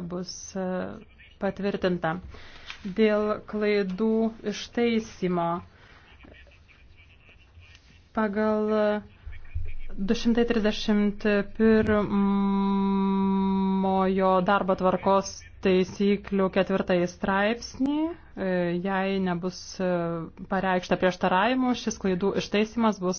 bus e, patvirtinta. Dėl klaidų ištaisymo pagal 231 darbo tvarkos taisyklių ketvirtąjį straipsnį, e, jei nebus e, pareikšta prieštaravimų, šis klaidų ištaisimas bus